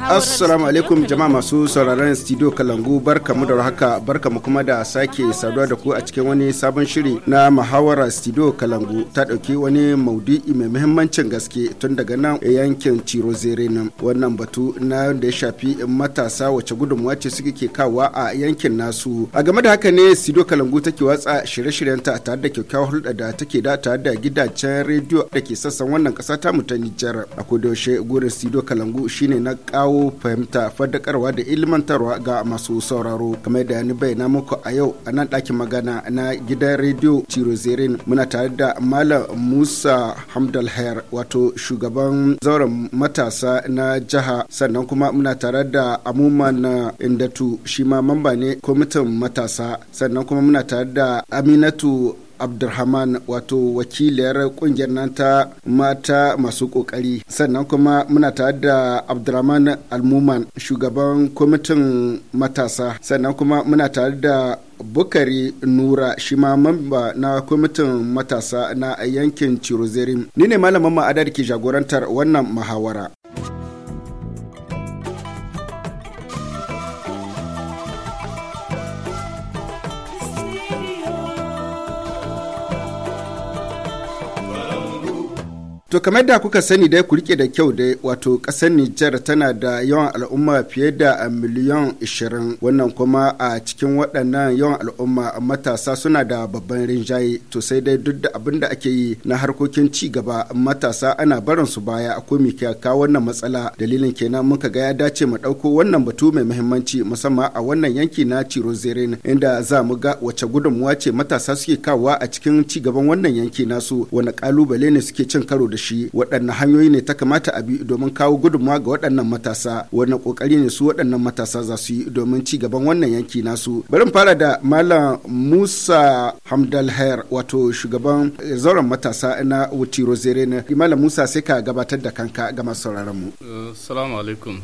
Assalamu alaikum jama'a masu sauraron studio Kalangu barka barkamu da haka mu kuma da sake saduwa da ku a cikin wani sabon shiri na muhawara studio Kalangu ta dauki wani maudu'i mai muhimmancin gaske tun daga nan yankin zere nan wannan batu na da ya shafi matasa wace gudunmuwa ce suke ke kawa a yankin nasu a game da haka ne studio Kalangu take watsa shirye-shiryenta tare da kyakkyawar hulɗa da take da tare da gidajen rediyo da ke sassan wannan kasa ta mu ta Nijar a kodayaushe gurin studio Kalangu shine na kawo kawo fahimta fadakarwa da ilmantarwa ga masu sauraro kamar da ni bayyana muku a yau a nan ɗakin magana na gidan rediyo tirozerin muna tare da malam musa hamdal wato shugaban zauren matasa na jiha sannan kuma muna tare da amuman indatu shi ma mamba ne kwamitin matasa sannan kuma muna tare da aminatu Abdulhaman wato wakiliyar kungiyar nan ta mata masu kokari sannan kuma muna tare da abdulrahman almuman shugaban kwamitin matasa sannan kuma muna tare da bukari nura shi ma mamba na kwamitin matasa na yankin Chiruzerim ni ne malamin ma'adar ke jagorantar wannan muhawara To kamar da kuka sani dai ku rike da kyau dai wato kasar Nijar tana da yawan al'umma fiye da eh, miliyan 20 wannan kuma a cikin waɗannan yawan al'umma matasa suna da babban rinjaye to sai dai duk da abin da ake yi na harkokin ci gaba matasa ana barin su baya akwai ka wannan matsala dalilin kenan muka ga ya dace mu ɗauko wannan batu mai muhimmanci musamman a wannan yanki na Cirozerin inda za mu ga wace gudunmuwa ce matasa suke kawo a cikin ci gaban wannan yanki nasu wani kalubale ne suke cin karo da shi waɗanne hanyoyi ne ta kamata a bi domin kawo gudunmawa ga waɗannan matasa wani ƙoƙari ne su waɗannan matasa za su yi domin ci gaban wannan yanki nasu bari mu fara da malam musa hamdalher wato shugaban zauren matasa na wuti rozere na malam musa sai ka gabatar da kanka ga masu sauraron mu uh, salamu alaikum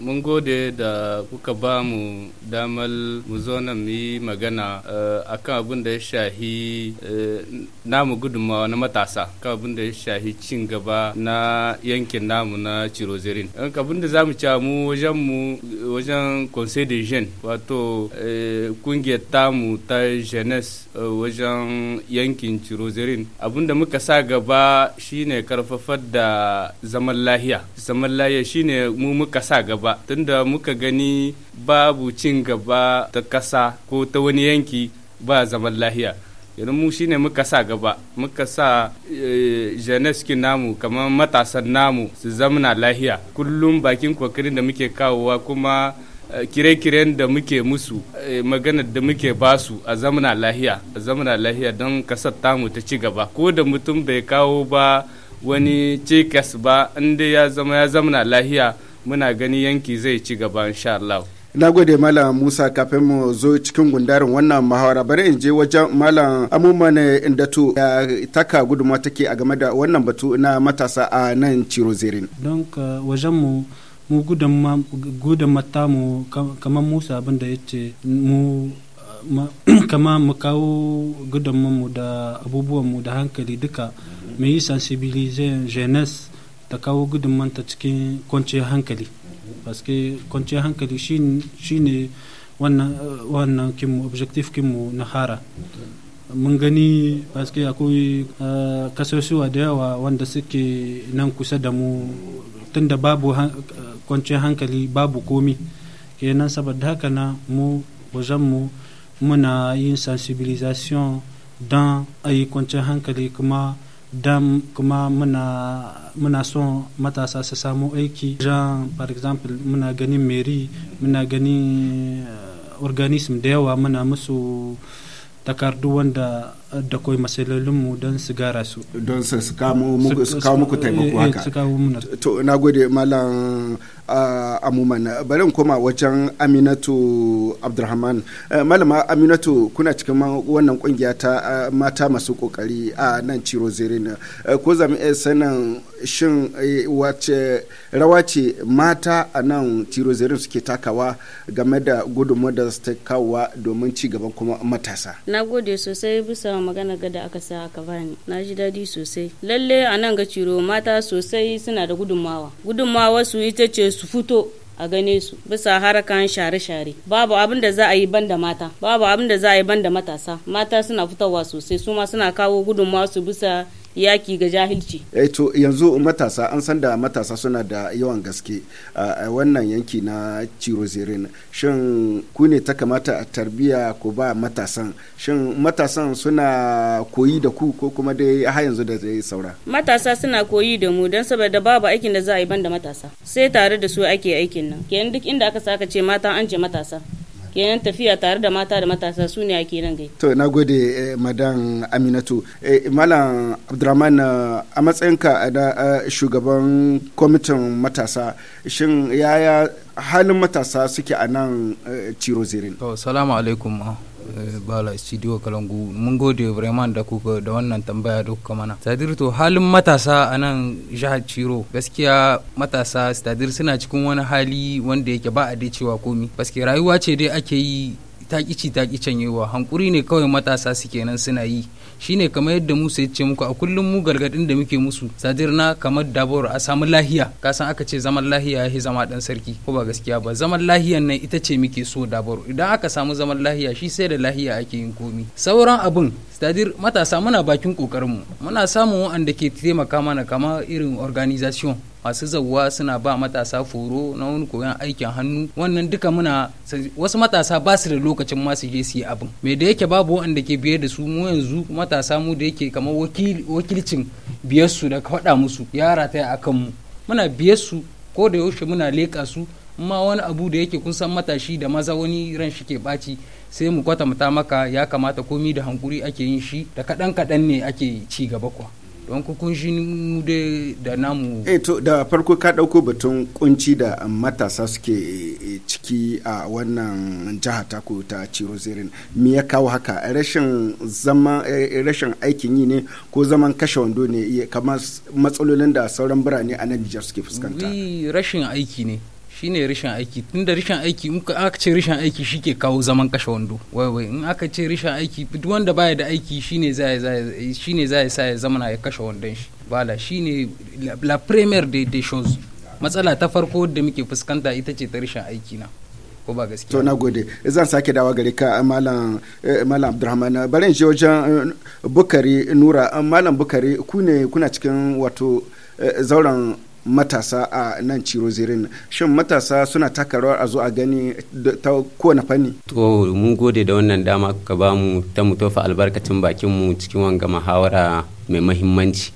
mun gode da kuka ba mu damar mu zo nan mu yi magana uh, akan abin da ya shahi uh, namu gudunmawa na matasa kan abin da ya shahi shahi cin gaba na yankin namu na cirozerin abin da za mu ca wajen mu wajen conseil de jeune wato eh, kungiyar tamu ta jeunesse eh, wajen yankin cirozerin abin da muka sa gaba shine karfafar da zaman lahiya zaman lahiya shine mu muka sa gaba tunda muka gani babu cin gaba ta kasa ko ta wani yanki ba zaman lahiya yanzu mu shine muka sa gaba muka sa eh, jeneskin namu kamar matasan namu su zamana lahiya kullum bakin kokarin da muke kawowa kuma eh, kire-kiren da muke musu eh, maganar da muke basu a zamana lahiya a zamana lahiya don kasar tamu ta ci gaba ko da mutum bai kawo ba wani cikas ba inda ya zama ya zamana lahiya muna gani yanki zai ci gaba insha Allah. na gode malam musa kafin mu zo cikin gundarin wannan muhawara bari in je wajen malam Amuman indatu ya taka guduma take a game da wannan batu na matasa a nan ciro zirin don wajen mu mu gudun mata mu kamar musa abinda ya ce mu kama mu kawo mu da mu da hankali duka mai yi sensibilize jeunesse da kawo manta cikin kwanciyar hankali paske kwanciyar hankali shine wannan kinmu objective kinmu na hara mun gani que akwai kasashewa da yawa wanda suke nan kusa da mu tunda babu kwanciyar hankali babu komi kenan saboda haka na mu wajenmu muna yin sensibilisation don ayi kwanciyar hankali kuma dan kuma muna, muna son matasa su samu aiki jan par exemple muna ganin meri muna ganin uh, organism da yawa muna musu takardu wanda da koi masalolinmu don su gara su don su kawo muku taimako eh, eh, haka to na gode malam ah, amuman bari in koma wajen aminatu abdurrahman eh, malama aminatu kuna cikin wannan kungiya ta ah, mata masu kokari a nan ciro zirin ko zami iya sanin shin wace rawa ce mata a nan ciro zirin suke takawa game da gudunmu da su ta kawo domin ci gaban kuma matasa na gode sosai bisa kan magana da aka sa aka bani na ji daɗi sosai lalle a nan ga ciro mata sosai suna da gudunmawa gudunmawa su ita ce su fito a gane su bisa harakan share-share babu abin da za a yi banda mata babu abin da za a yi banda matasa mata suna fitowa sosai su ma suna kawo gudunmawa su bisa yaki ga jahilci. Eh to yanzu matasa an san da matasa suna da yawan gaske a wannan yanki na cirozirin Shin ku ne ta kamata a tarbiya ko ba matasan? Shin matasan suna koyi da ku ko kuma dai har yanzu da zai saura? Matasa suna koyi da mu don saboda babu aikin da za a yi ban da matasa. Sai tare da su ake aikin nan. Kenan duk inda aka saka ce mata an je matasa. kenan tafiya tare da mata da matasa su ne ake nan gai to na gode eh, madam aminatu eh, malam Abdulrahman eh, a matsayinka da shugaban kwamitin matasa shin yaya halin matasa suke a nan ciro zirin to salamu alaikum ah. Eh, bala studio kalangu mun gode vraiment da kuka da wannan tambaya da mana sadir to halin matasa a nan jihar ciro gaskiya matasa sadir suna cikin wani hali wanda yake ba a dai cewa komi gaskiya rayuwa ce dai ake yi ta kicen yewa hankuri ne kawai matasa suke nan suna yi shine kamar yadda Musa ya ce muku a kullum mu gargadin da muke musu sadir na kamar dabor a samu lahiya kasan aka ce zaman lahiya ya zama dan sarki ko ba gaskiya ba zaman lahiyan nan ita ce muke so dabor idan aka samu zaman lahiya shi sai da lahiya ake yin komi sauran abun sadir matasa muna bakin kokarinmu muna samun wanda ke taimaka mana kama irin organization masu zawuwa suna ba matasa foro na wani koyon aikin hannu wannan duka muna wasu matasa ba su da lokacin masu je su yi abin me da yake babu wanda ke biye da su mu yanzu matasa mu da yake kamar wakilcin biyar su da faɗa musu yara ta akan mu muna biye su ko da yaushe muna leƙa su ma wani abu da yake kun san matashi da maza wani ran shi ke ɓaci sai mu kwatanta maka ya kamata komi da hankuri ake yin shi da kaɗan kaɗan ne ake ci gaba kuwa don kun shi da namu eh to da farko ka ɗauko batun kunci da matasa suke eh, ciki a wannan jiha ta ko ta ciro zirin me ya kawo haka rashin zaman eh, rashin aikin yi ne ko zaman kashe wando ne kamar matsalolin da sauran birane a nan Nijar suke fuskanta rashin aiki ne shine rishin aiki tunda rishin aiki in aka ce rishin aiki shike kawo zaman kashe wando wai in aka ce rishin aiki duk wanda baya da aiki shine za shine za sa ya zamana ya kashe wandon shi bala shine la premier des des choses matsala ta farko da muke fuskanta ita ce ta rishin aiki na ko ba gaskiya to na gode zan sake dawa gare ka malam eh, malam abdurrahman bari in je wajen eh, bukari nura malam bukari ku ne kuna cikin wato eh, zauren matasa a nan ciro zirin shin matasa suna taka rawar a zo a gani ta kowane fanni to mun gode da wannan dama ka ba mu ta mu tofa albarkacin bakin mu cikin wanga muhawara mai mahimmanci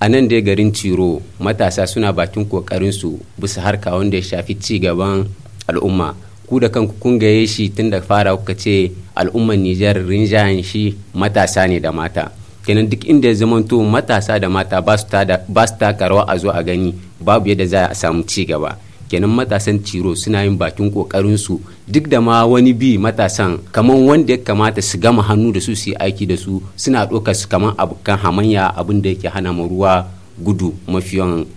a nan dai garin ciro matasa suna bakin kokarin su bisa harka wanda ya shafi ci gaban al'umma ku da kanku kun gaye shi tun da fara kuka ce al'umman Nijar rinjayen shi matasa ne da mata kenan duk inda ya zamanto matasa da mata ba su taka rawa a zo a gani babu yadda za a samu ci gaba kenan matasan ciro suna yin bakin kokarin su duk da ma wani bi matasan kamar wanda ya kamata su gama hannu da su su aiki da su suna ɗaukar su kamar abokan hamayya abin da yake hana mu ruwa gudu mafiyan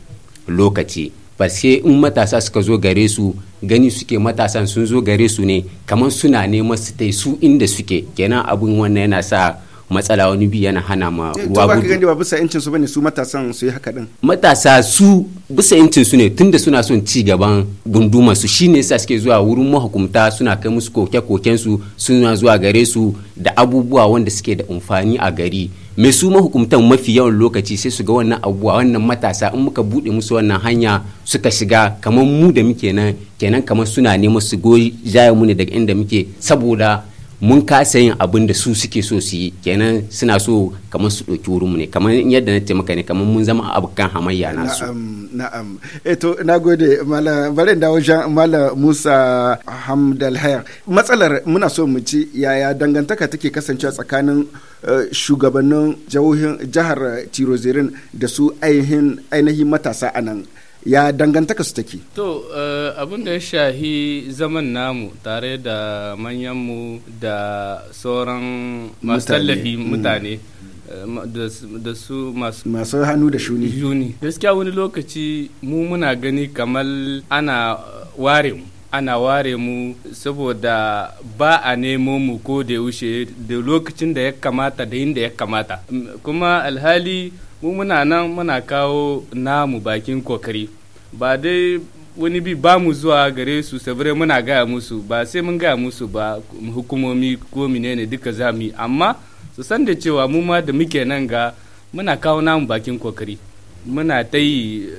lokaci baske in matasa suka zo gare su gani suke matasan sun zo gare su ne kamar suna neman su tai su inda suke kenan abin wannan yana sa matsala wani bi yana hana ma ruwa eh, gudu. Tuba ka gani ba bisa yancin su bane su matasan su yi haka din. Matasa su bisa yancin su ne tunda suna son ci gaban gunduma su shine yasa suke zuwa wurin mahukumta suna kai musu koke-koken su suna zuwa gare su da abubuwa wanda suke da amfani a gari. Me su mahukumtan mafi yawan lokaci sai su ga wannan abubuwa wannan matasa in muka buɗe musu wannan hanya suka shiga kamar mu da muke nan kenan kamar suna neman su goyi jaya mu ne daga inda muke saboda mun kasa yin abin da su suke so su yi kenan suna so kamar su ɗauki wurinmu ne kamar yadda na taimaka ne kamar mun zama abokan hamayya na su. Na'am, Eto, eh na gode, bari dawo jan Mala Musa Hamdalhayar. Matsalar muna so mu ci yaya dangantaka take kasancewa tsakanin eh, shugabannin jihar Tirozirin da su ainihin matasa a nan. ya dangantaka su take to eh, abin da ya shahi zaman namu tare da manyanmu da sauran masu tallafi mm. mutane eh, da su masu hannu da shuni gaskiya wani lokaci mu muna gani kamar ana ware mu ana ware mu saboda ba a nemo mu ko da yaushe da lokacin da ya kamata da inda ya kamata kuma alhali mu muna nan muna kawo namu bakin kokari ba dai wani bi ba mu zuwa gare su sabirai muna gaya musu ba sai mun gaya musu ba hukumomi ko menene duka za mu yi amma su san da cewa mu ma da muke nan ga muna kawo namu bakin kokari muna ta yi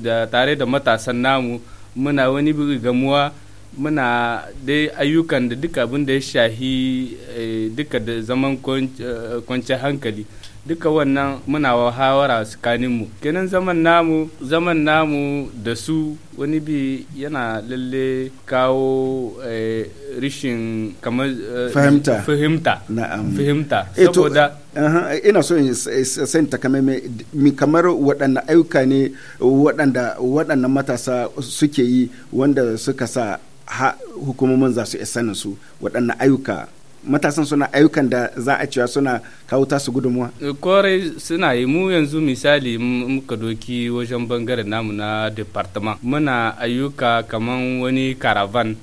da tare da matasan namu muna wani bi gamuwa muna dai ayyukan da duka abin da ya shahi eh, duka da zaman eh, kwanci hankali duka wannan muna wahawara tsakaninmu kenan zaman namu zaman namu da su wani bi yana lalle kawo eh, rishin kamar eh, fahimta fahimta fahimta eh, saboda ina so in san takamaimai mi kamar waɗanda ayyuka ne waɗanda waɗannan matasa suke yi wanda suka sa hukumomin za su sanin su waɗannan ayyuka matasan suna ayyukan da za a cewa suna kawo tasu gudunmuwa? Eh, kwarai suna yi mu yanzu misali muka doki wajen bangaren namu na departement muna ayyuka kaman wani caravan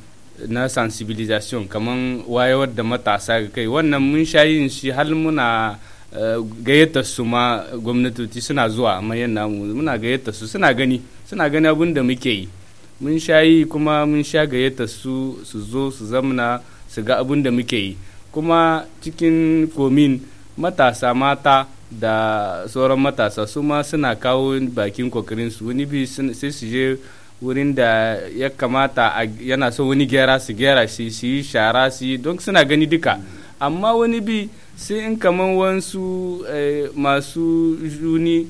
na sensibilisation kaman wayewar da matasa ga kai wannan mun sha yin shi hal muna eh, gayyata su ma gwamnatoci suna zuwa mayan namu muna gayyata su suna gani suna gani abin da muke yi mun sha yi kuma mun sha gayyata su su zo su zamna su ga abin da muke yi kuma cikin komin matasa mata da sauran matasa su ma suna kawo bakin kokarinsu wani bi sai su je wurin da ya kamata yana so wani gera su gera shi su yi shara su yi don suna gani duka amma wani bi sai in kamar wansu eh, masu juni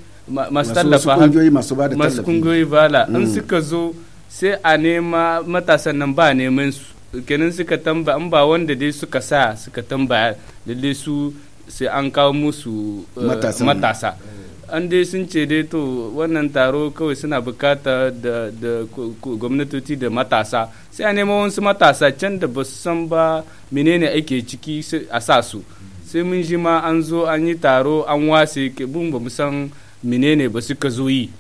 masu tallafa masu kungiyoyi bala in mm. suka zo sai a nema matasan nan ba neman su ganin suka tamba an ba wanda dai suka sa suka tamba lalle su sai an kawo musu eh, matasa an dai sun ce dai to wannan taro kawai suna bukata da gwamnatoci da matasa sai a nemo wasu matasa can da ba su san ba menene ake ciki a sa su sai mun ji ma an zo an yi taro an wase ke bumba musan san menene ba suka zo yi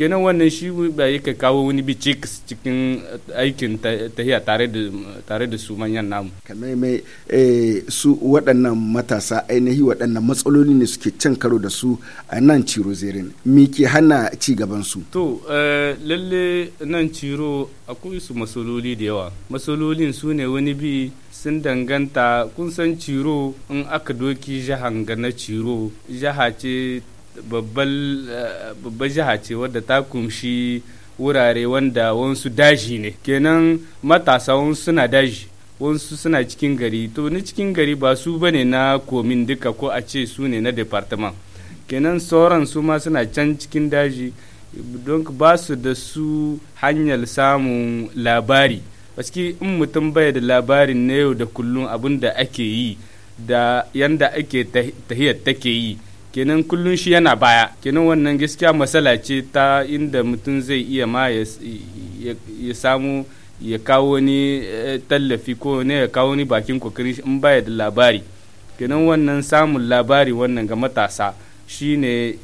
kenan wannan shi ba yake kawo wani bicik cikin aikin tahiya tare da tare su manyan namu kamar mai eh, su waɗannan matasa ainihi waɗannan matsaloli ne suke can karo da su a nan ciro zirin me hana ci gaban su to eh, lalle nan ciro akwai su matsaloli da yawa matsalolin su ne wani bi sun danganta kun san ciro in aka doki jahan ga na ciro jiha ce babban jiha ce wadda ta kumshi wurare wanda wansu daji ne kenan matasa wansu suna daji wansu suna cikin gari to ni cikin gari ba su bane na komin duka ko a ce su ne na departement kenan sauran su ma suna can cikin daji don ba su da su hanyar samun labari baski in mutum bai da labarin na yau da kullum abin da ake yi da yanda ake tahiyar take yi kenan kullun shi yana baya kenan wannan gaskiya matsala ce ta inda mutum zai iya ma ya samu ya kawo ni eh, tallafi ko ne ya kawo ni bakin kokarin in baya da labari kenan wannan samun labari wannan ga matasa shi ne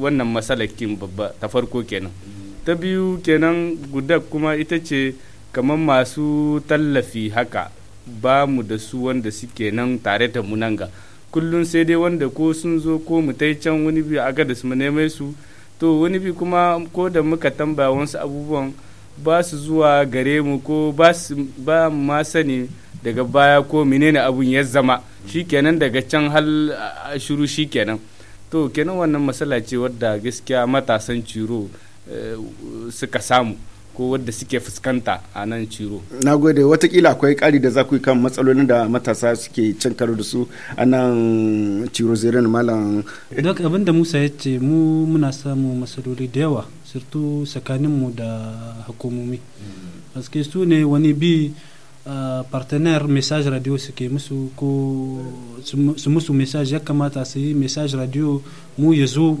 wannan matsalakin babba ta farko kenan ta biyu kenan guda kuma ita ce kamar masu tallafi haka ba mu da su wanda suke nan tare da munanga. kullum sai dai wanda ko sun zo ko mu tai can wani biyu a gada mu neme su to wani bi kuma ko da muka tambaya wasu abubuwan ba su zuwa gare mu ko ba ma sani daga baya ko menene abun ya zama shikenan daga can hal shiru shikenan to kenan wannan matsala ce wadda gaskiya matasan ciro eh, suka samu ko wadda suke fuskanta a nan ciro na gode watakila akwai kari da za ku yi kan matsalolin da matasa suke can karo da su a nan ciro zirin malam duk abin da musa ya ce mu muna samu matsaloli da yawa surtu tsakaninmu da hukumomi aske su ne wani bi Eh, partenaire message radio suke musu ko su musu message ya kamata su yi message radio mu ya zo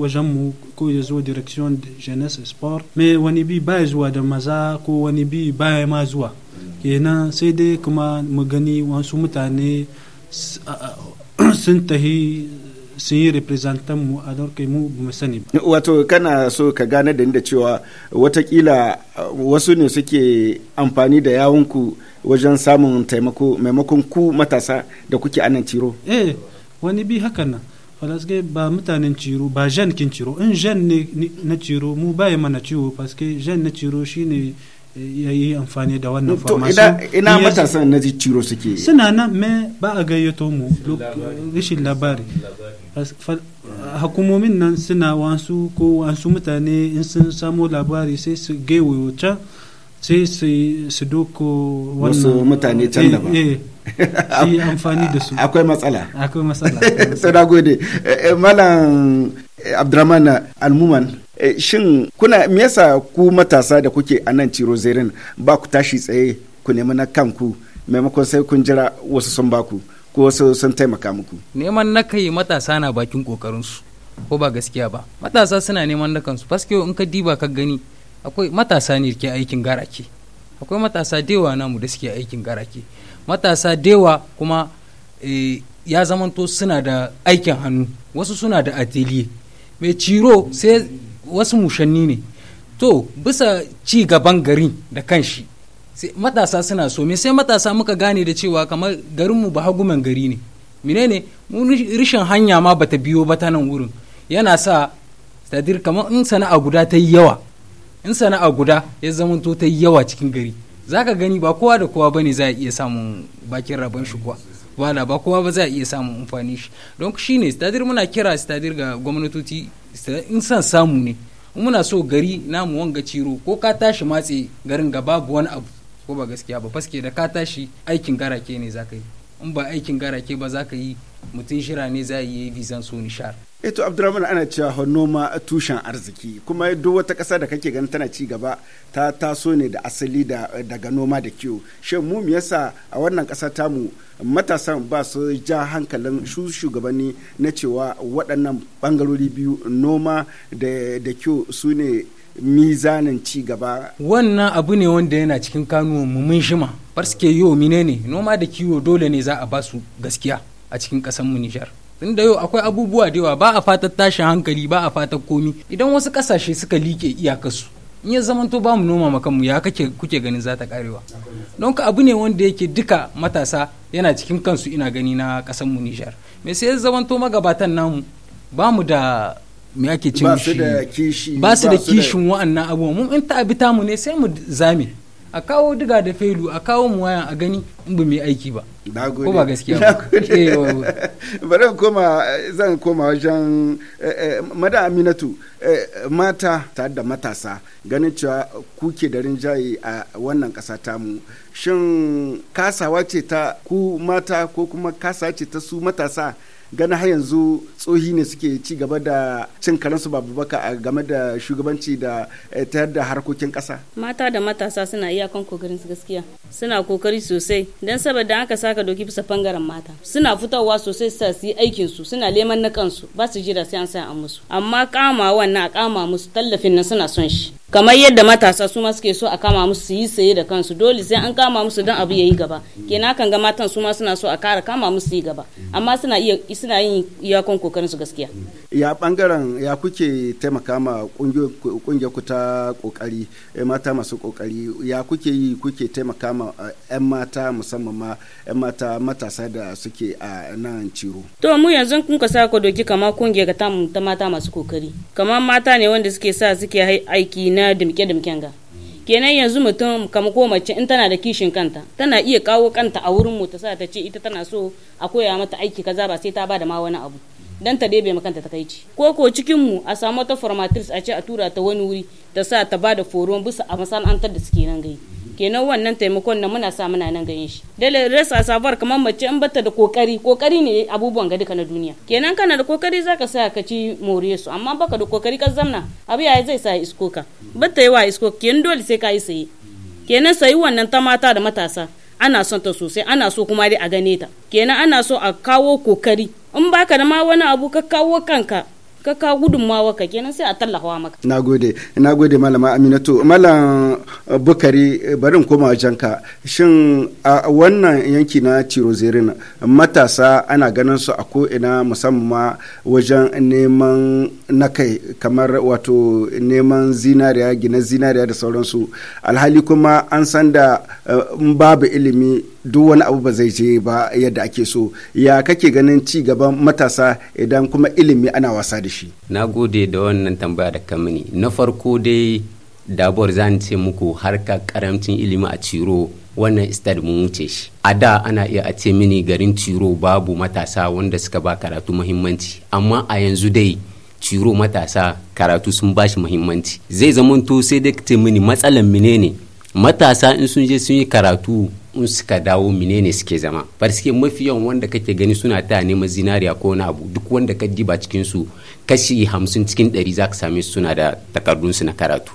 wajen mu ko ya zo direction jeunesse sport me wani bi baya zuwa da maza ko wani bi ba ma zuwa kenan sai dai kuma mu gani wasu mutane sun tahi sun yi representan mu a ke mu ba sani ba. Wato kana so ka gane da ni da cewa watakila uh, wasu ne suke amfani da yawunku wajen samun taimako maimakon ku matasa da kuke anan ciro. Eh wani bi haka nan falaske ba mutanen ciro ba jan kin ciro in jan ne na ciro mu baya mana ciwo paske jan na ciro shine ya yi amfani da wannan farmashin ina matasan na ciro suke suna nan me ba a gayyato mu rashin labari hakumomin nan suna wasu ko wasu mutane in sun samo labari sai su gaiwayo can sai su doko wasu mutane can eh, da ba eh, su amfani da su akwai matsala akwai matsala sai na gode eh, malam abdurrahman almuman Eh, shin kuna yasa ku matasa da kuke a nan ciro zerin ba ku tashi tsaye ku nemi na kanku maimakon sai kun jira wasu sun baku ko wasu sun taimaka muku neman na kai matasa na bakin kokarinsu ko ba gaskiya ba matasa suna neman na kansu paske in ka diba ka gani akwai matasa ne ke aikin garake akwai matasa dewa namu da suke aikin garake matasa dewa kuma eh, ya zamanto suna da aikin hannu wasu suna da atelier mai ciro sai wasu mushanni ne to bisa ci gaban garin da kanshi matasa suna so me sai matasa muka gane da cewa kamar garinmu ba haguman gari ne menene rishin hanya ma bata biyo ba ta nan wurin yana sa tadir kamar in sana'a guda ta yi yawa in sana'a guda ya zamanto ta yi yawa cikin gari zaka gani ba kowa da kowa bane za a iya samun bakin rabon shi kuwa wala ba kowa ba za a iya samun amfani shi don shi ne stadir muna kira stadir ga gwamnatoci in san samu ne muna so gari namu wanga ciro ko ka tashi matse garin ga babu wani abu ko ba gaskiya ba faske da ka tashi aikin garake ne za ka yi in ba aikin garake ba za ka yi mutum shira ne za a yi visan su nishar eto eh abdurrahman ana cewa noma tushen arziki kuma duk wata ƙasa da kake ganin tana ci gaba ta taso ne da asali daga noma da kyau shin mu me yasa a wannan ƙasa tamu matasan ba su ja hankalin su shugabanni na cewa waɗannan bangarori biyu noma da kyau su ne mizanin ci gaba wannan abu ne wanda yana cikin kanuwan mu mun shima bar suke yi mine ne noma da kiwo dole ne za a ba su gaskiya a cikin mu Nijar. da yau akwai abubuwa da yawa ba a fatar tashin hankali ba a fatar komi idan wasu ƙasashe suka liƙe iyakarsu in ya zamanto ba mu noma ma kanmu ya kake kuke ganin za ta karewa don ka abu ne wanda yake duka matasa yana cikin kansu ina gani na mu Nijar. Me sai ya zamanto magabatan namu ba mu da me ake cin shi ba su da kishin wa'annan abubuwa mun in ta abita mu ne sai mu zame a kawo diga da felu a kawo mu waya a gani in ba mu aiki ba ko ba gaskiya eh, bari koma zan koma wajen eh, eh, mada aminatu mata tare da matasa ganin cewa kuke da rinjaye a wannan ƙasa mu shin kasawa ce ta ku mata ko kuma kasa ce ta su matasa gana har yanzu tsohi ne suke ci gaba da cin karansu babu baka game da shugabanci da eh, tayar da harkokin kasa mata da matasa suna iyakan kokarin su gaskiya suna kokari sosai dan saboda haka saka doki bisa bangaren mata suna fitowa sosai sa su aikin su suna leman na kansu ba su jira sai an sa an musu amma kama wannan a kama musu tallafin nan suna son shi kamar yadda matasa su ma suke so a kama musu su yi saye da kansu dole sai an kama musu don abu ya yi gaba kenan kan ga matan su ma suna so a kara kama musu yi gaba amma suna iya suna yin iyakon kokarin su gaskiya ya bangaren ya kuke taimaka ma kungiyar ku ta kokari eh, mata masu kokari ya kuke yi kuke taimaka ma yan eh, mata musamman ma yan mata matasa da suke a nan ciro to mu yanzu kun ka sa doki kama kungiyar ta mata masu kokari kamar mata ne wanda suke sa suke aiki na dimke dimken ga kenan yanzu mutum kama ko mace in tana da kishin kanta tana iya kawo kanta a wurin mu ta sa ta ce ita tana so a koya mata aiki kaza ba sai ta bada da ma wani abu dan ta debe makanta ta kai ci ko ko cikin mu a samu ta formatrice a ce a tura ta wani wuri ta sa ta bada foron bisa a masana'antar da suke nan gai kenan wannan taimakon na muna sa muna nan ganin shi dole rasa sabar kamar mace in bata da kokari kokari ne abubuwan ga duka na duniya kenan kana da kokari zaka sa ka ci more su amma baka da kokari ka zamna abu yaya zai sa isko ka bata yi wa isko kenan dole sai ka yi saye kenan sayi wannan ta mata da matasa ana son ta sosai ana so kuma dai a gane ta kenan ana so a kawo kokari in baka da ma wani abu ka kawo kanka kaka ka gudunmawa ka kenan sai a tallafawa maka nagode nagode malama aminatu malam bukari barin koma wajen ka shin a wannan yanki na tirozerin matasa ana ganin su a ko ina musamman wajen neman na kai kamar wato neman zinariya gina zinariya da sauransu alhali kuma an san da eh, babu ilimi duk wani abu ba zai je ba yadda ake so ya kake ganin ci gaban matasa idan kuma ilimi ana wasa da shi na gode da wannan tambaya da mini na farko dai dabor zan ce muku harka karamcin ilimi a ciro wannan istad mun wuce shi a da ana iya a ce mini garin ciro babu matasa wanda suka ba karatu mahimmanci amma a yanzu dai ciro matasa karatu sun ba shi muhimmanci zai zamanto sai dai ce mini matsalan mine ne matasa in sun je sun yi karatu in suka dawo mine ne suke zama farske mafi yawan wanda kake gani suna ta neman zinariya ko wani abu duk wanda ka diba cikin su kashi hamsin cikin ɗari za ka same su suna da takardun su na karatu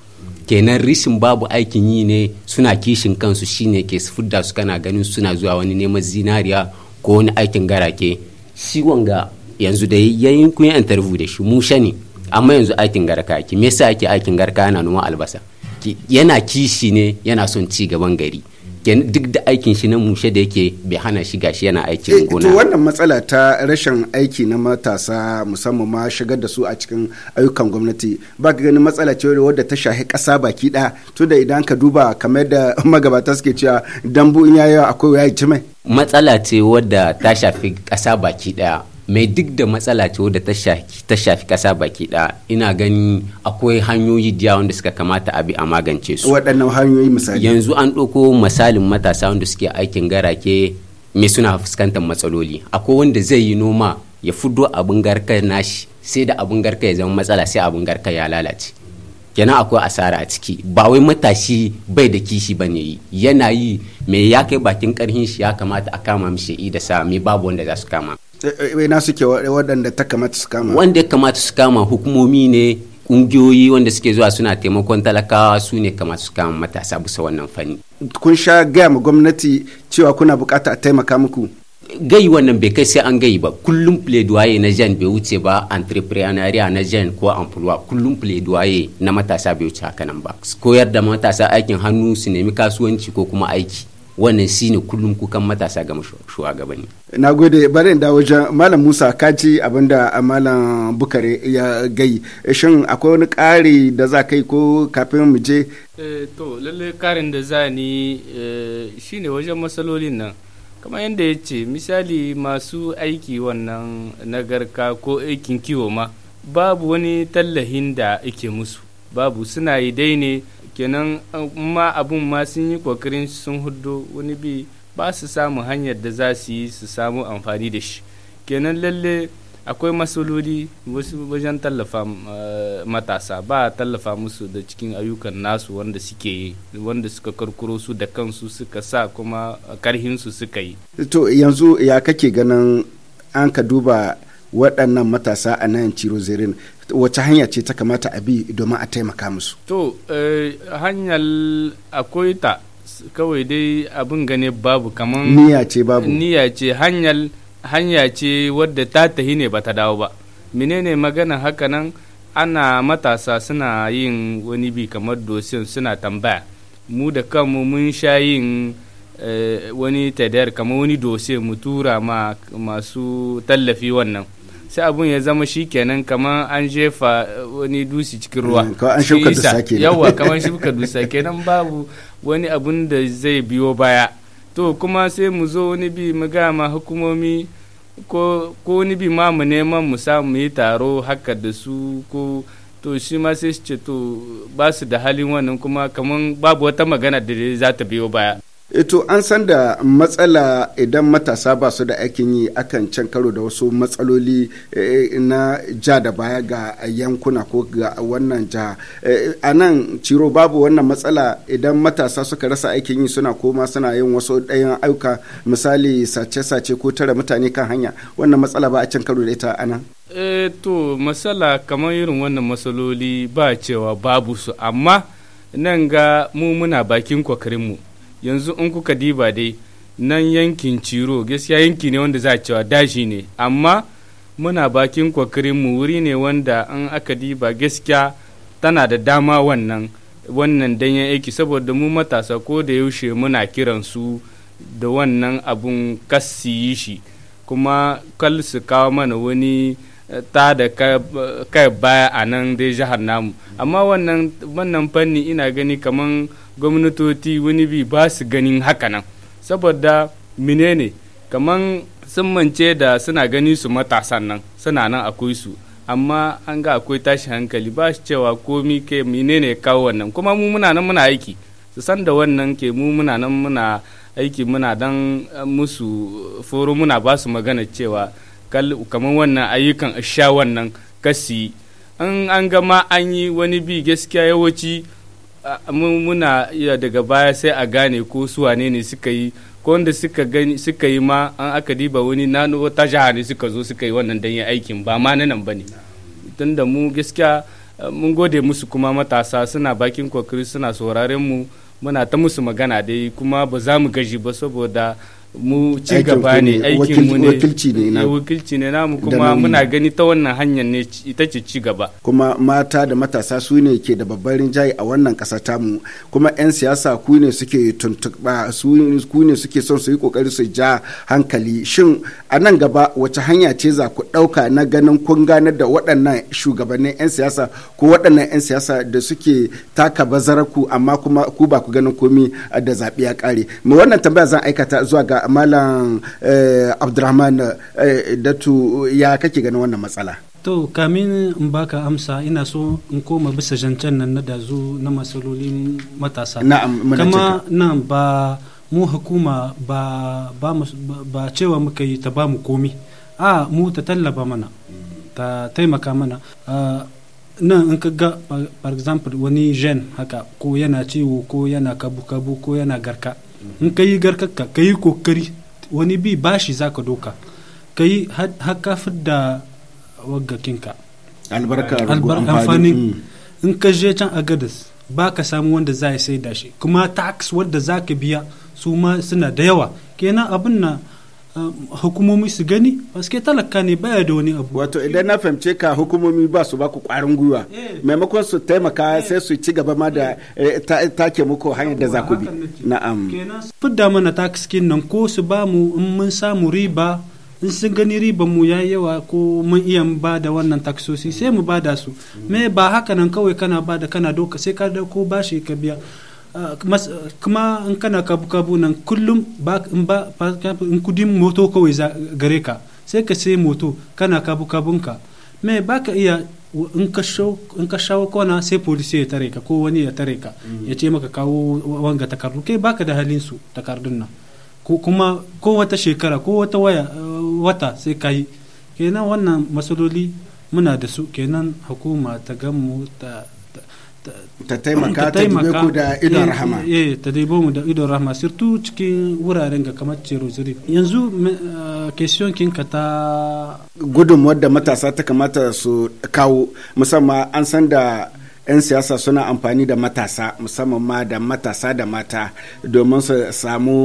kenan rishin babu aikin yi ne suna kishin kansu shine ke su fudda su kana ganin suna zuwa wani neman zinariya ko wani aikin garake shi wanga yanzu da yayin kun yi interview da shi mu ne amma yanzu aikin garka ki me yasa ake aikin garka yana noma albasa yana kishi ne yana son ci gaban gari duk da aikin shi na mushe da yake bai hana shi gashi yana aikin eh, gona. To wannan matsala ta rashin aiki na matasa musamman ma shigar da su a cikin ayyukan gwamnati ba ka ganin matsala ce wadda ta shahi kasa baki ɗaya to da idan ka duba kamar da magabata suke cewa dambu in yayi akwai ya Matsala ce wadda ta shafi kasa baki ɗaya mai duk da matsala ce wadda ta shafi kasa baki da ina gani akwai hanyoyi da wanda suka kamata a bi a magance su waɗannan hanyoyi misali yanzu an ɗauko misalin matasa wanda suke aikin garake me suna fuskantar matsaloli akwai wanda zai yi noma ya fudo abin garka nashi sai da abin garka ya zama matsala sai abin garka ya lalace kenan akwai asara a ciki ba wai matashi bai da kishi ba ne yi yana yi mai ya kai bakin karhin shi ya kamata a kama mishi da sa me babu wanda za su kama Eh, eh, na suke waɗanda ta kamata su kama wanda ya kamata su kama hukumomi ne kungiyoyi wanda suke zuwa suna taimakon talakawa su ne kamata su kama matasa bisa wannan fanni kun sha gaya ma gwamnati cewa kuna bukata a taimaka muku gai wannan bai kai sai an gai ba kullum plaidoyer na jen bai wuce ba entrepreneuria na jen ko amfulwa kullum plaidoyer na matasa bai wuce haka nan ba koyar da matasa aikin hannu su nemi kasuwanci ko kuma aiki wannan sini kullum kukan matasa ga shugabanni na gode bari da wajen malam musa kaji abinda malam bukare ya gai shin akwai wani ƙari da za kai ko kafin mu je eh, to lalle karin da za ni eh, shi ne wajen matsalolin nan kamar yadda ya ce misali masu aiki wannan nagarka ko aikin kiwo ma babu wani tallahin da ake musu babu suna yi dai ne kenan eh, ma abun ma sun yi kokarin sun hudu wani bi ba su samu hanyar da za su yi su samu amfani da shi kenan lalle akwai masololi wajen tallafa eh, matasa ba tallafa musu da cikin ayyukan nasu wanda suke yi wanda suka karkuro su da kansu suka sa kuma karhinsu suka yi to yanzu ya kake ganin an ka duba waɗannan matasa a nan ciro zirin wace hanya ce ta kamata a bi domin a taimaka musu to eh, hanyar akwai ta kawai dai abin gane babu kamar niyya ce babu niyya ce hanyar hanya ce wadda ta tahi ne ba ta dawo ba menene magana haka nan ana matasa suna yin wani bi kamar dosin suna tambaya mu da kanmu mun sha yin eh, wani tadayar kamar wani dosin mu tura ma masu tallafi wannan sai abun ya zama shi kenan kamar an jefa eh, wani dusi cikin ruwa mm, an shuka dusa kenan yawa kamar shuka dusa kenan babu wani abun da zai biyo baya to kuma sai mu zo wani bi mu ma hukumomi ko wani bi ma mu neman mu samu yi taro haka da su ko to shi ma sai ce to ba su da halin wannan kuma kamar babu wata magana da za ta biyo baya Eh, to an san da matsala idan matasa ba su da aikin yi akan can karo da wasu matsaloli eh, na ja da baya ga yankuna ko ga wannan jiha eh, a nan ciro babu wannan matsala idan matasa suka rasa aikin yi suna koma suna yin wasu ɗayan auka misali sace-sace ko tara mutane kan hanya wannan matsala ba a can karo da ita a nan to matsala kamar irin wannan matsaloli ba cewa babu su amma nan ga mu muna bakin kokarinmu mu yanzu in kuka diba dai nan yankin ciro gaskiya yanki ne wanda za a cewa daji ne amma muna bakin mu wuri ne wanda an aka diba gaskiya tana da dama wannan wannan danyen aiki saboda mu matasa ko da yaushe muna kiran su da wannan abun kas yi shi kuma kal su kawo mana wani ta da kai baya a nan dai jihar namu amma wannan fanni ina gani kamar gwamnatoci wani bi ba su ganin hakanan saboda menene kamar sun mance da suna gani su matasan nan suna nan akwai su amma an ga akwai tashi hankali ba shi cewa komi ke menene kawo wannan kuma mu muna nan muna aiki su san da wannan ke mu muna nan muna aiki muna dan musu foro muna ba su magana cewa kamar wannan ayyukan sha wannan kasi in an gama an yi wani bi gaskiya yawanci muna ya daga baya sai a gane ko su wane ne suka yi ko wanda suka yi ma an aka diba wani na wata jaha ne suka zo suka yi wannan danyen aikin ba ma nan bane tun da mu gaskiya mun gode musu kuma matasa suna bakin kokari suna sauraren mu muna ta musu magana dai kuma ba za mu gaji ba saboda mu ci gaba ne aikin mu ne wakilci ne na wakilci ne namu kuma muna gani ta wannan hanyar ne ita ce ci gaba kuma mata da matasa su ne ke da babban rinjaye a wannan kasa tamu kuma yan siyasa ku ne suke tuntuba su ku ne suke son su yi kokari su ja hankali shin a nan gaba wace hanya ce za ku ɗauka na ganin kun ganar da waɗannan shugabannin yan siyasa ko waɗannan yan siyasa da suke taka bazarar ku amma kuma ku ba ku ganin komi da zaɓe ya ƙare mu wannan tambaya zan aikata zuwa ga da eh, abdurrahman abdulrahman eh, datu ya kake ganin wannan matsala to kamin in baka amsa ina so in koma bisa zancen nan na dazu na matsalolin matasa kama nan ba mu hukuma ba ba, ba cewa muka yi ta ba mu komi a mu ta tallaba mana ta taimaka mana nan in ka ga for example wani gen haka ko yana ciwo ko yana kabu-kabu ko yana garka in ka yi garkarka ka yi kokari wani bi ba shi za ka doka ka yi haka da waggakinka albarka amfanin mm. in ka je can a gadas ba ka samu wanda za ya sai da shi kuma tax wadda za ka biya su ma suna da yawa kenan abin na hukumomi su gani paske talaka ne baya da wani abu wato idan na fahimce ka hukumomi ba su baku kwarin gwiwa eh. maimakon su taimaka eh. sai su ci gaba ma da eh. take muku hanyar da za ku bi na'am fidda mana tax nan ko su ba mu in mun samu riba in sun gani riba mu yayi yawa ko mun iya ba da wannan taksosi sai mu ba da su me ba haka nan kawai kana ba da kana doka sai ka dauko bashi ka biya kuma in kana kabu-kabu nan kullum in ba in kudin moto kawai gare ka sai ka sai moto kana kabu-kabunka mai ba ka iya in ka shawo kona sai polisi ya tare ka ko wani ya tare ka ya ce maka kawo wanga takardu kai baka da halin su takardun nan ko kuma ko wata shekara ko wata waya eh, wata sai ka yi kenan wannan masaloli muna da su kenan hukuma ta gamu ta ta taimaka ta dube ku da idon eh, rahama eh ta daibo mu da idon rahama surtout cikin wuraren ga kamar cero zuri yanzu eh, question kin ka ta gudun da matasa ta kamata su kawo musamman an san da 'yan siyasa suna amfani da matasa musamman ma da matasa da mata domin su samu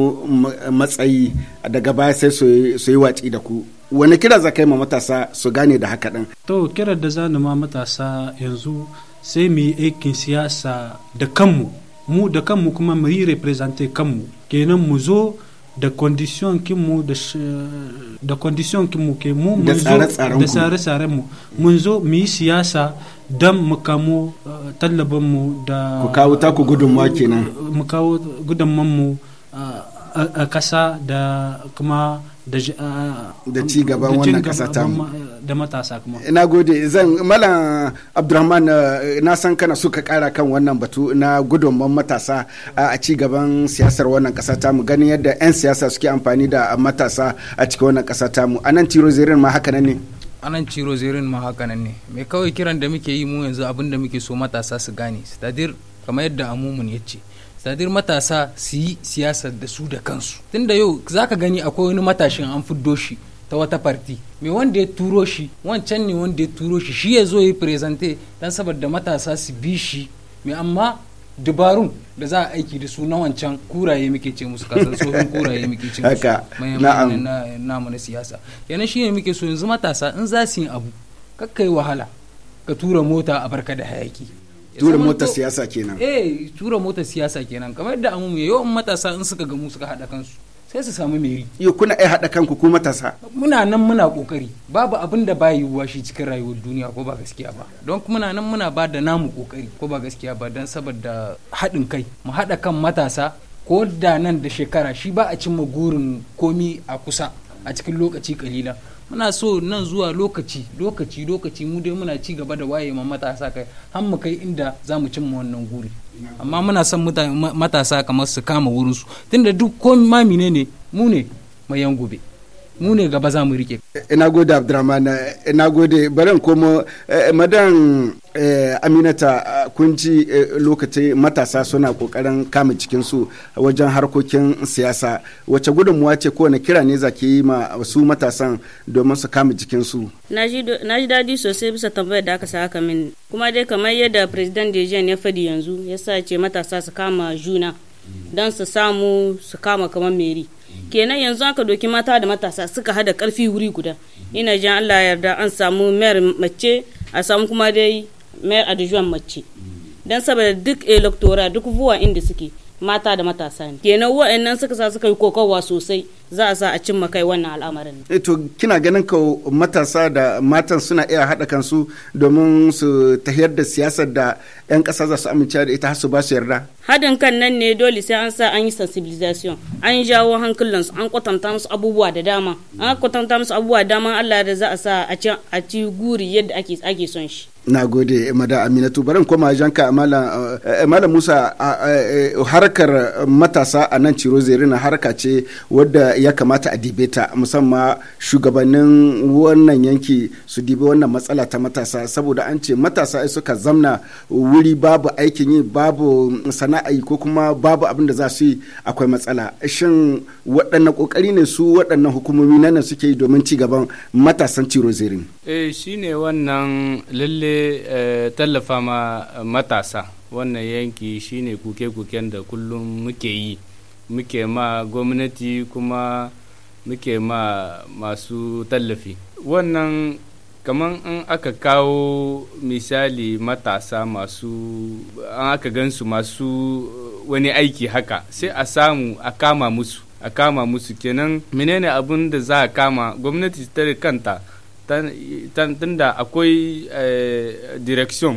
matsayi daga baya sai su yi watsi da ku wani kira za ka yi ma matasa su gane da haka ɗin to kira da za ma matasa yanzu sai mu yi aikin siyasa da kanmu mu da kanmu kuma mu yi represente kanmu kenan mu zo da condition kinmu condition ke mu da tsare-tsaren mu mun zo mu yi siyasa don mu kamo eh, tallaban mu da ku kawo ta ku gudunmuwa kenan mu kawo gudunmuwan mu eh, a kasa da kuma Ah, da ci gaban wannan kasa ta eh, da matasa kuma ina gode zan malam abdurrahman eh, na san kana suka kara kan wannan batu na gudunman matasa ah, a ci gaban siyasar wannan kasa ta mu ganin yadda 'yan siyasa suke amfani da matasa a cikin wannan kasa ta mu anan tiro zirin ma haka ne anan ciro zirin ma haka nan ne me kawai kiran da muke yi mu yanzu abin da muke so matasa su gane sadir kamar yadda amumun ya ce sadir matasa su yi siyasar da su da kansu tunda yau za ka gani akwai wani matashin an fiddo shi ta wata farti mai wanda ya turo shi wancan ne wanda ya turo shi shi ya zo ya presente dan saboda matasa su bi shi mai amma dabarun da za a aiki da su na wancan kuraye muke ce musu kasar tsohon kuraye muke ce musu namu na siyasa yana shi ne muke so yanzu matasa in za su yi abu kakkai wahala ka tura mota a barka da hayaki tura motar siyasa kenan eh tura motar siyasa kenan kamar yadda amu yau yawan matasa in suka gamu suka hada kansu sai su samu meri yo kuna ai hada kanku ku matasa muna nan muna kokari babu abin da ba yiwuwa shi cikin rayuwar duniya ko ba gaskiya ba don muna nan muna ba da namu kokari ko ba gaskiya ba don saboda haɗin kai mu hada kan matasa ko da nan da shekara shi ba a cimma gurin komi a kusa a cikin lokaci kalila muna so nan zuwa lokaci lokaci lokaci mu dai muna ci gaba da waye matasa kai har mu kai inda za mu cimma wannan guri amma muna son matasa kamar su kama wurin su tunda duk ko ma ne mu ne mayan gobe mu ne gaba za mu rike eh, ina gode abdurrahman eh, ina gode barin komo eh, madan aminata kun ji lokacin matasa suna kokarin kama cikinsu wajen harkokin siyasa wace gudunmuwa ce kowane kira ne zaki yi ma su matasan domin su kama jikinsu na ji daɗi sosai bisa tambayar da aka saka min kuma dai kamar yadda president dejan ya faɗi yanzu ya sa ce matasa su kama juna don su samu su kama kamar meri kenan yanzu aka doki mata da matasa suka hada karfi wuri guda ina jin Allah yarda an samu mayar mace a samu kuma dai mayar adjuwan mace don saboda duk electoral duk vuwa inda suke mata da matasa ne kenan wa'annan suka sa suka yi kokowa sosai za a sa a cimma kai wannan al'amarin e to kina ganin ka matasa da matan suna iya haɗa kansu domin su tahiyar da siyasar da 'yan ƙasa za su amince da ita su ba su yarda haɗin kan nan ne dole sai an sa an yi sensibilisation an jawo hankulansu an kwatanta musu abubuwa da dama an kwatanta musu abubuwa da dama Allah da za a sa a ci guri yadda ake son shi na gode eh, mada aminatu barin koma janka eh, eh, malam musa harkar matasa a nan ciro na harka ce wadda ya kamata a dibe ta musamman shugabannin wannan yanki su dibe wannan matsala ta matasa saboda an ce matasa suka zamna wuri babu aikin yi babu sana'a ko kuma babu abin da za su yi akwai matsala shin waɗannan ƙoƙari ne su waɗannan hukumomi nan suke yi domin ci gaban matasan ciro zere. eh shine wannan lalle e tallafa ma matasa wannan yanki shine kuke-kuken da kullum muke yi muke ma gwamnati kuma muke ma masu tallafi wannan kamar in aka kawo misali matasa masu an aka gansu masu wani aiki haka sai a samu a kama musu a kama musu kenan menene abin da za a kama gwamnati ta kanta tunda akwai eh, direction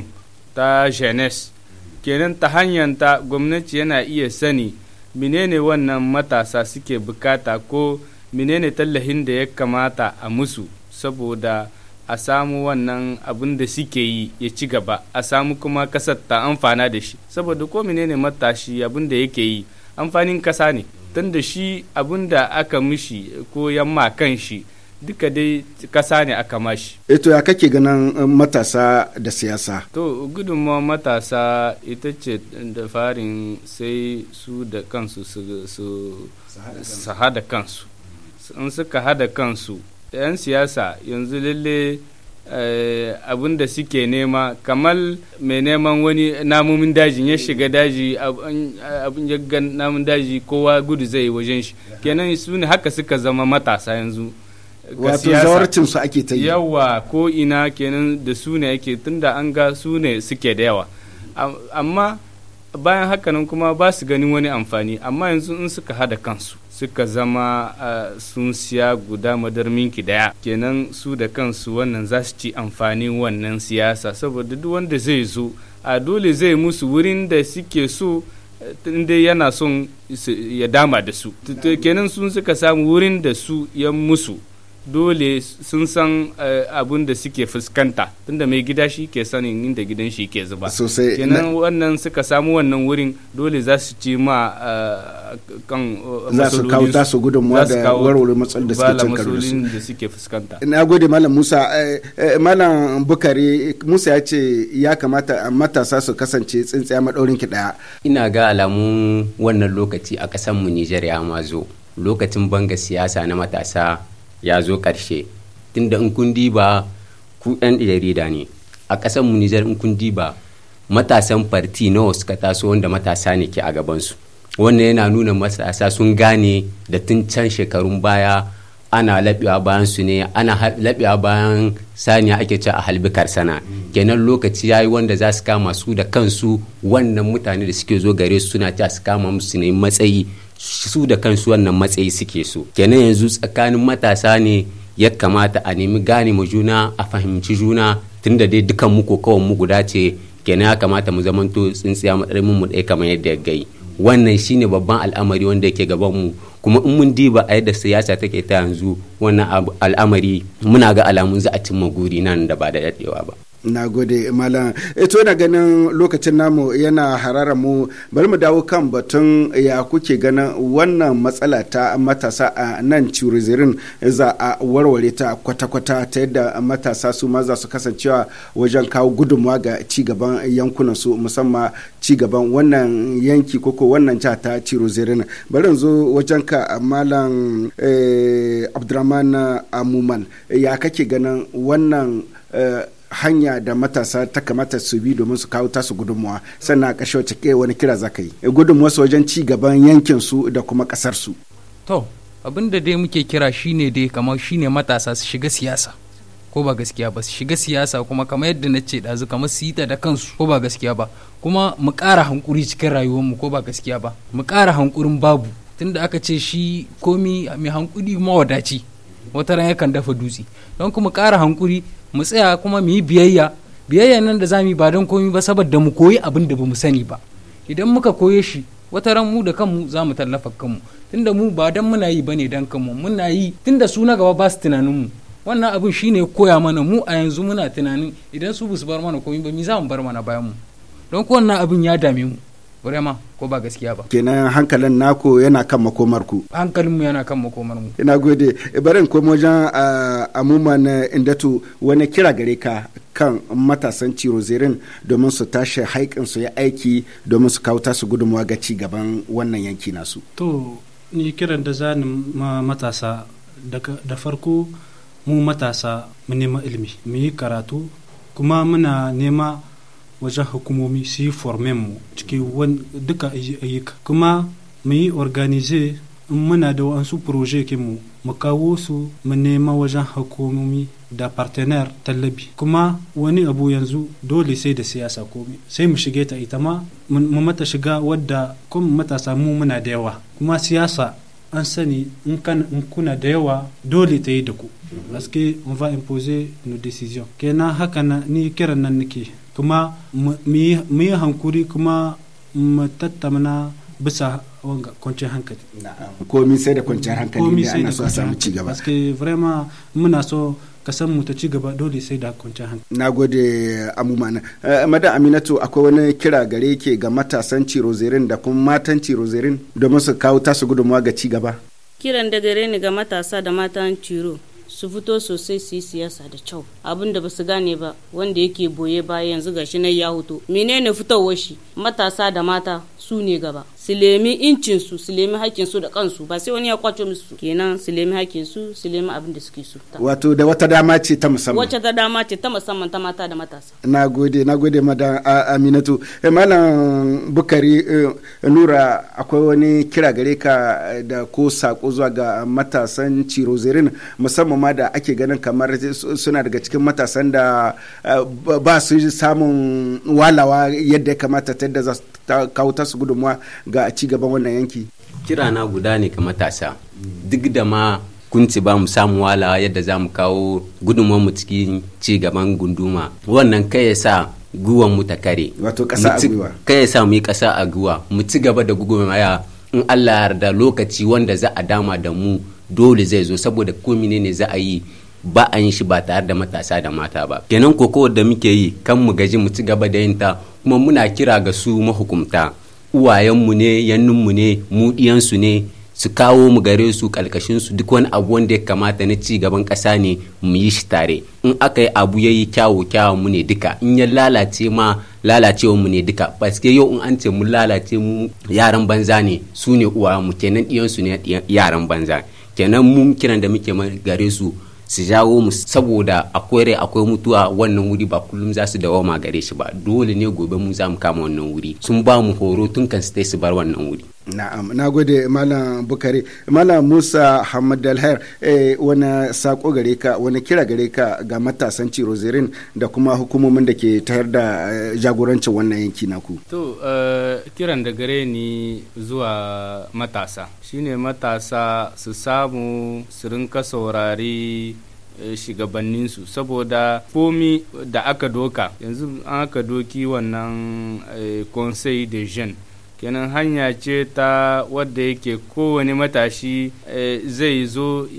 ta jeunesse kenan ta hanyar ta gwamnati yana iya sani menene wannan matasa suke bukata ko menene tallahin da ya kamata a musu saboda a samu wannan abin da suke yi ya ci gaba a samu kuma kasar ta amfana da shi saboda ko menene matashi abin da yake yi amfanin kasa ne tunda shi abin da aka mishi ko yamma kan shi duka dai kasa ne aka mashi. Eto eh ya kake ganin eh, matasa da siyasa? To gudunmawar matasa ita ce da farin sai su da kansu su hada kansu. In suka hada kansu, 'yan siyasa yanzu lalle eh, abin da suke nema kamar mai neman wani namomin daji ya shiga daji abin ya namun daji kowa gudu zai wajen shi kenan su ne haka suka zama matasa yanzu wato zawarcin su ake ta yi yawa ko ina kenan da su ne tunda an ga su ne suke da yawa amma bayan hakanan kuma ba su ganin wani amfani amma yanzu in suka hada kansu suka zama sun siya guda madar daya kenan su da kansu wannan za su ci amfanin wannan siyasa saboda duk wanda zai zo a dole zai musu wurin da suke so inda yana son ya dama da su kenan sun suka samu wurin da su ya musu dole sun san eh, abun da suke fuskanta tunda mai gida shi ke sanin inda gidan shi ke zuba sosai kenan wannan suka samu wannan wurin dole za su ci ma eh, kan eh, za su kawo ta su gudunmuwa da warware matsalolin da suke cin karo da suke fuskanta na gode malam musa malam bukari musa ya ce ya kamata matasa su kasance tsintsiya madaurin ki daya ina ga alamun wannan lokaci a kasan mu Nijar ya ma zo lokacin banga siyasa na matasa ya zo ƙarshe tunda in kun diba ku ɗan jarida ne a ƙasar mu Nijar in kun diba matasan farti nawa suka taso wanda matasa ne ke a gabansu wannan yana nuna matasa sun gane da tun can shekarun baya ana laɓewa bayan su ne ana laɓewa bayan saniya ake ci a halbikar sana kenan lokaci ya yi wanda za su kama su da kansu wannan mutane da suke zo gare su suna ta su kama musu ne matsayi su da kansu wannan matsayi suke so kenan yanzu tsakanin matasa ne ya kamata a nemi gane mu juna a fahimci juna tunda dai dukan mu kokawan mu guda ce kenan ya kamata mu zamanto tsintsiya madarmin mu dai kamar yadda ya gai wannan shine babban al'amari wanda yake gaban mu kuma in mun diba a yadda siyasa take ta yanzu wannan al'amari muna ga alamun za a cimma guri nan da ba da daɗewa ba na gode malam ito eh, na ganin lokacin namu yana harara mu bari mu dawo kan batun ya kuke ganin wannan matsala ta matasa a nan cirizirin za a warware ta kwata-kwata ta yadda matasa su ma za su kasancewa wajen kawo gudunmuwa ga cigaban yankunan su musamman cigaban wannan yanki koko wannan ja ta cirizirin bari zo wajen ka malam eh, abdurrahman amuman ya kake ganin wannan eh, hanya da matasa ta kamata su bi domin su kawo tasu gudunmuwa sannan a ƙashe wacce ke wani kira za ka yi eh, gudunmuwa su wajen ci gaban yankin su da kuma ƙasar su. to abin da dai muke kira shine dai kamar shine matasa su shiga siyasa ko ba gaskiya ba su shiga siyasa kuma kamar yadda na ce ɗazu kamar su yi ta da kansu ko ba gaskiya ba kuma mu ƙara hankuri cikin rayuwarmu ko ba gaskiya ba mu ƙara hankurin babu tunda aka ce shi komi mai hankuri mawadaci wata ran yakan dafa dutse don kuma ƙara hankuri mu tsaya kuma mu yi biyayya biyayya nan da za mu yi ba don komi ba saboda mu koyi abin da ba mu sani ba idan muka koye shi wata ran mu da kanmu za mu tallafa kanmu tunda mu ba don muna yi bane dan kanmu muna yi tunda su na gaba ba su tunanin mu wannan abin shi shine koya mana mu a yanzu muna tunanin idan su basu bar mana komai ba mi za mu bar mana bayan mu don ko wannan abin ya dame mu Burema ko ba gaskiya ba. Kenan hankalin nako yana kan makomar ku. Hankalinmu yana kan makomar mu. Ina gode. Bari in komo muma amuman indatu wani kira gare ka kan matasan cirozerin domin su tashi haikin su ya aiki domin su kawo tasu gudunmawa ga ci gaban wannan yanki nasu. To ni kiran da za ma matasa da farko mu matasa mu nema ilimi mu yi karatu kuma muna nema wajen hukumomi su yi formen mu cikin duka ayyuka kuma mu yi organize in muna da wasu proje mu mu kawo su mu nema wajen hukumomi da partenaire tallabi kuma wani abu yanzu dole sai da siyasa komi sai mu shige ta ita ma mu mata shiga wadda kuma matasa mu muna da yawa kuma siyasa an sani in kuna da yawa dole ta yi da ku mhm. que on va imposer nos décisions. kenan haka na ni kiran nan nake kuma mu yi hankuri kuma mu tattamna bisa wanga kwanciyar hankali komi sai da kwanciyar hankali ne ana so a samu cigaba que vraiment muna so kasan mu ta ci gaba dole sai da kwanci hankali amuma na. Eh, madan aminatu akwai wani kira gare ke ga matasan cirozerin da kuma matan cirozerin domin su kawo tasu gudunmawa ga ci gaba kiran da gare ni ga matasa da matan ciro su fito sosai su yi siyasa da kyau abin da basu gane ba wanda yake boye ba yanzu gashi nan ya hoto menene fitowar shi matasa da mata su ne gaba su lemi incin su lemi hakkin su da kansu ba sai wani ya kwace musu kenan su lemi hakkin su silemi lemi abin da suke so wato da wata dama ce ta musamman wata da dama ce ta musamman ta mata da matasa na gode na gode madan aminatu eh, malam bukari eh, nura akwai wani kira gare ka eh, da ko sako zuwa ga matasan cirozerin musamman ma da ake ganin kamar suna daga cikin matasan da ba su samun walawa yadda ya kamata ta yadda za su kawo tasu gudunmuwa ga ci gaban wannan yanki kirana guda ne ga matasa duk da ma kunci ba mu samu wala yadda za mu kawo gudunmuwan mu cikin ci gaban gunduma wannan kai ya sa guwan mu ta kare wato ƙasa a guwa kai ya sa mu yi kasa a guwa mu ci gaba da maya in Allah yarda lokaci wanda za a dama da mu dole zai zo saboda ko ne za a yi ba a yin shi ba tare da matasa da mata ba kenan koko da muke yi kan mu gaji mu ci gaba da yin ta kuma muna kira ga su mahukumta uwayenmu ne yannunmu ne mu ɗiyansu ne su kawo mu gare su su duk wani abu wanda ya kamata na ci gaban ƙasa ne mu yi shi tare in aka yi abu ya yi kyawo mu ne duka in ya lalace ma lalacewa mu ne duka paske yau in an ce mun lalace mu yaran banza ne su ne uwa mu kenan ɗiyansu ne yaran banza kenan mun kiran da muke gare su su jawo mu saboda akwai rai akwai mutuwa wannan wuri ba kullum za su dawoma gare shi ba dole ne gobe mu za mu kama wannan wuri sun ba mu horo tun kan su bar wannan wuri Na'am, na gode Malam Bukari. Malam Musa Hamad alhair eh, wani sako gare ka, wani kira gare ka ga matasan ciro zirin da kuma hukumomin da ke tayar da eh, jagorancin wannan yanki naku. To, eh, kiran da gare ni zuwa matasa. Shine matasa su samu su rinka saurari eh, shugabanninsu saboda komi da aka doka yanzu an aka doki wannan conseil de jeunes kenan hanya ce ta wadda yake kowane matashi eh, zai zo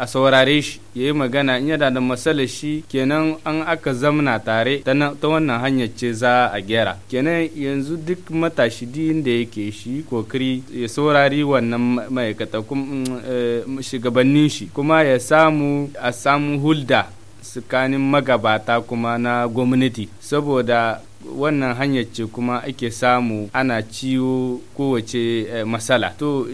a saurare shi ya yi magana in yana da matsala shi kenan an aka zamna tare ta wannan hanya ce za a gyara kenan yanzu duk matashi din da yake shi kokari ya saurari wannan ma'aikata mm, eh, shugabannin shi kuma ya samu a samu hulda tsakanin magabata kuma na gwamnati saboda wannan hanyar ce kuma ake samu ana ciwo kowace eh, masala. to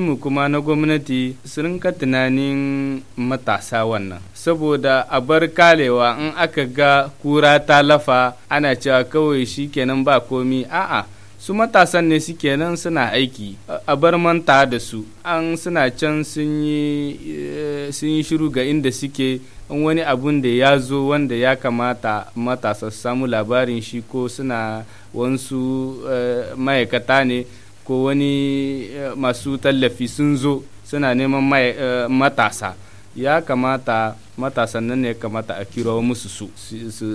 mu kuma na gwamnati su rinka tunanin matasa wannan saboda a bar kalewa in aka ga kura ta lafa ana cewa kawai shi kenan ba komi a'a su matasan ne su kenan suna aiki a bar manta da su an suna can sun yi eh, shiru ga inda suke in wani abun da ya zo wanda ya kamata matasa samu labarin shi ko suna wansu eh, ma'aikata ne ko wani eh, masu tallafi sun zo suna neman eh, matasa ya kamata matasan nan ne kamata a kirawo musu su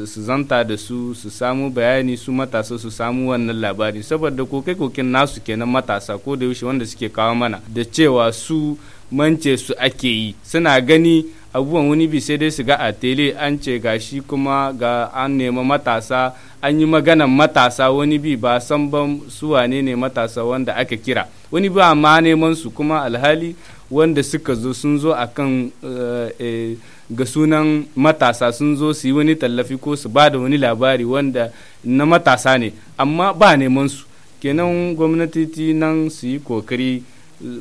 su zanta da su su samu bayani su matasa su samu wannan labari saboda koke kokin nasu kenan matasa ko da yaushe wanda suke kawo mana da cewa su mance su ake yi suna gani abubuwan wani bi sai dai su ga a tele an ce ga shi kuma ga an nema matasa an yi maganan matasa wani bi ba san ban su wane ne matasa wanda aka kira wani ba ma neman su kuma alhali wanda suka zo sun zo a kan eh, eh, ga sunan matasa sun zo su yi wani tallafi ko su ba da wani labari wanda na matasa ne amma ba neman su kenan gwamnati nan su yi kokari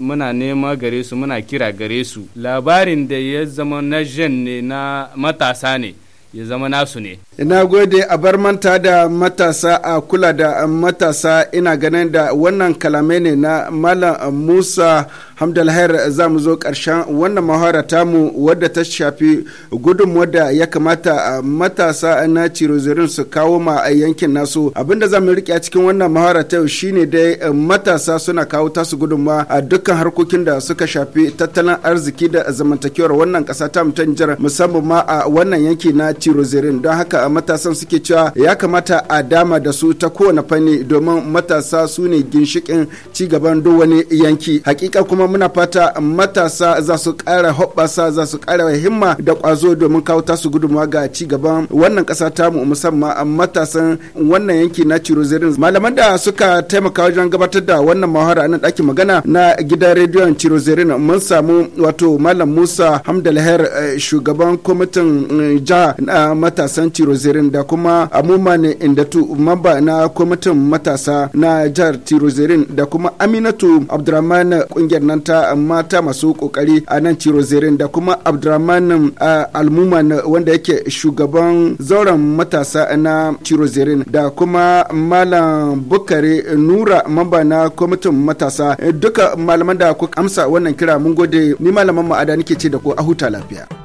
muna nema gare su muna kira gare su labarin da ya zama na jen ne na matasa ne ya zama nasu ne. Ina gode a bar manta da matasa a kula da matasa ina ganin da wannan kalamai ne na Malam Musa hamdalhair za mu zo ƙarshen wannan mahara tamu wadda ta shafi gudun da ya kamata ah, matasa na cirozirin su kawo ma yankin nasu abinda za mu rike a cikin wannan mahara ta yau shine dai eh, matasa suna kawo tasu gudunma, a dukkan harkokin da suka shafi tattalin arziki da zamantakewar wannan ƙasa ta mutan jihar musamman ma a wannan yanki na cirozirin don haka matasan suke cewa ya kamata a dama da su ta kowane fanni domin matasa su ne ginshikin ci gaban duk wani yanki hakika kuma muna fata matasa za su kara hoɓɓasa za su kara himma da ƙwazo domin kawo tasu gudunmawa ga ci gaban wannan ƙasa tamu musamman matasan wannan yanki na Cirozerin. Malaman da suka taimaka wajen gabatar da wannan mahara nan ɗakin magana na gidan rediyon Cirozerin mun samu wato Malam Musa Hamdalher eh, shugaban kwamitin eh, ja na matasan Cirozerin da kuma inda tu mamba na kwamitin matasa na jihar Cirozerin da kuma Aminatu Abdurrahman kungiyar sannan ta mata masu kokari a nan cirozerin da kuma abdurrahman um, almuma uh, wanda yake shugaban zauren matasa na cirozerin da kuma malam bukari nura mamba na kwamitin matasa duka malaman da kuka amsa wannan kira mun gode ni malaman ma'ada nake ce da ku a huta lafiya.